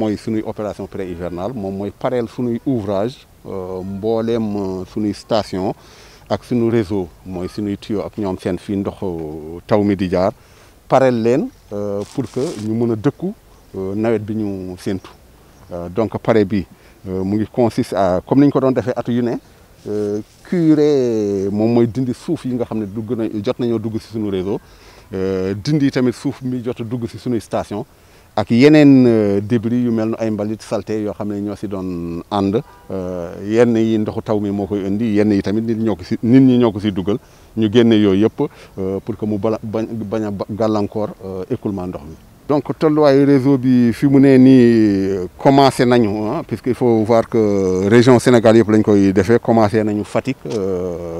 mooy suñuy opération pré hivernale moom mooy pareel suñuy ouvrage euh, mbooleem euh, suñuy station ak suñu réseau mooy suñuy tuyau ak ñoom seen fii ndox euh, taw mi di jaar pareel leen pour que ñu mën a dëkku nawet bi ñu séntu donc pare bi mu ngi consiste à comme ni ñu ko doon defee at yu ne curé moom mooy dindi suuf yi nga xam ne dugg na jot nañoo dugg si suñu réseau dindi tamit suuf mi jot a dugg si suñuy station ak yeneen euh, débris yu mel ne ay mbalit salté yoo xam ne ñoo si doon ànd euh, yenn yi ndoxu taw mi moo koy indi yenn yi tamit nit ñoo ko si nit ñi ñoo ko si dugal ñu génn yooyu yëpp euh, pour que mu bala bañ a gàllankoor écoulement ndox mi. donc tolluwaayu réseau bi fi mu nee nii commencé nañu ah puisque il faut voir que région Sénégal yëpp lañ koy defee commencé nañu Fatick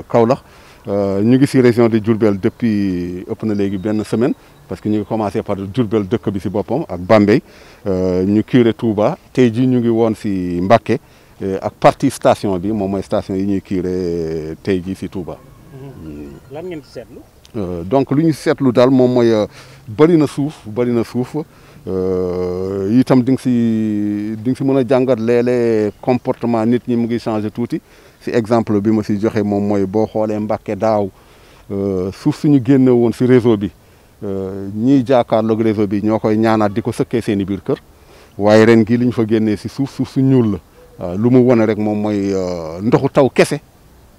Kaolack. Euh, ñu ngi si région de Diourbel depuis ëpp na léegi benn semaine parce que ñu ngi commencé par Diourbel dëkk bi si boppam ak Bambey euh, ñu curé Touba tey jii ñu ngi woon si Mbacké euh, ak partie station bi moom mooy station yi ñuy curé tey jii si Touba. Mhm. Mm. Euh, donc lu ñu seetlu daal moom mooy euh, bëri na suuf bëri na suuf euh, itam di nga si di nga si mën a jàngat léeg comportement nit ñi mu ngi changé tuuti si exemple bi ma si joxe moom mooy boo xoolee Mbàkke daaw suuf suñu génnew woon si réseau bi ñiy jàkkaarloog réseau bi ñoo koy ñaanaat di ko sëkkee seen i biir kër waaye ren gi li ñu fa génnee si suuf suuf si ñuul la lu mu wane rek moom mooy ndoxu taw kese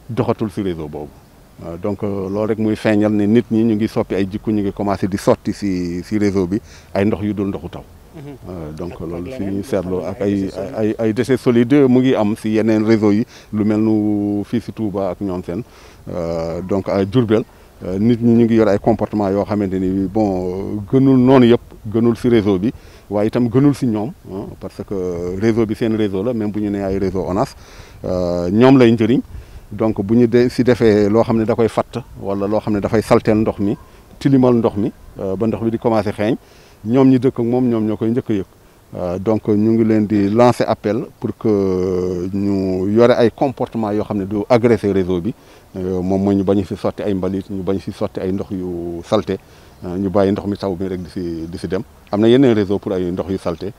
doxatul si réseau boobu Euh, donc euh, loolu rek muy feeñal ne nit ñi ñu ngi soppi ay jikku ñu ngi commencé di sotti si si réseau bi ay ndox yu dul ndoxu taw. Mhm. Euh, donc loolu si ñu seetloo ak ay ay ay déchets solides mu ngi am si yeneen réseau yi lu mel nu fii si Touba ak ñoom seen donc a Diourbel nit ñi ñu ngi yor ay comportement yoo xamante ni bon gënul noonu yëpp gënul si réseau bi waaye itam gënul si ñoom parce que réseau bi seen réseau la même bu ñu nee ay réseau ONAS ñoom lay njëriñ. donc bu ñu dee si defee loo xam ne da koy fatt wala loo xam ne dafay salteel ndox mi tilimal ndox mi euh, ba ndox mi di commencé xeeñ ñoom ñi dëkk moom ñoom ñoo koy njëkk a yëg euh, donc ñu ngi leen di lancer appel pour que ñu yore ay comportement yoo xam ne du agressé réseau bi euh, moom mooy ñu bañ si sotti ay mbalit ñu bañ si sotti ay ndox yu salte ñu bàyyi ndox mi taw bi rek di si di si dem am na yeneen réseau pour ay ndox yu salte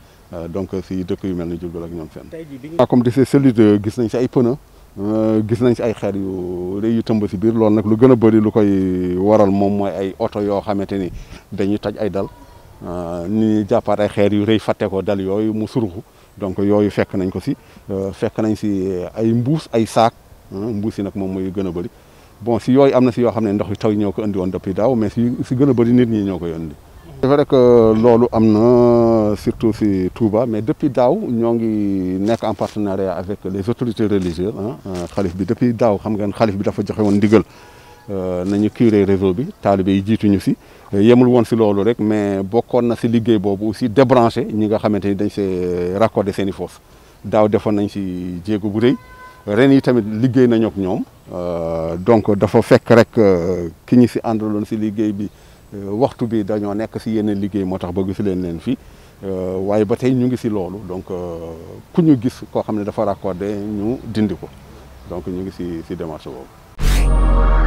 donc si dëkk yu mel ni Diourbel ak ñoom seen. comme de celui de gis nañ si ay pneu Euh, gis nañ si ay xeer yu rëy yu tëmb si biir lool nag lu gën a bëri lu koy waral moom mooy ay oto yoo xamante ni dañuy taj ay dal euh, ni jàppaat ay xeer yu rey fàtte ko dal yooyu mu suruxu donc yooyu fekk nañ ko si euh, fekk nañ si ay mbuus ay saak mbuus yi nag moom mooy gën a bëri bon si yooyu am na si yoo xam ne ndox taw ñoo ko indi woon depuis daaw mais si si gën a bëri nit ñi ñëw ko yónni c'est vrai que loolu am na surtout si Touba mais depuis daaw ñoo ngi nekk en partenariat avec les autorités religieuses ah xalif bi depuis daaw xam nga ngeen xalif bi dafa joxe woon ndigal euh, nañu curé réseau bi taalibe yi jiituñu si yemul woon si loolu rek mais bokkoon na si liggéey boobu aussi débranché ñi nga xamante ni dañ see raccordé seen i fosse daaw defoon nañ si jéego bu rëy ren yi tamit liggéey nañu ak ñoom euh, donc dafa fekk rek ki ñu si àndaloon si liggéey bi Euh, waxtu bi dañoo nekk si yeneen liggéey moo tax bëgg si leen leen fii euh, waaye ba tey ñu ngi si loolu donc euh, ku ñu gis koo xam ne dafa raccordé ñu dindi ko donc ñu ngi si si démarche boobu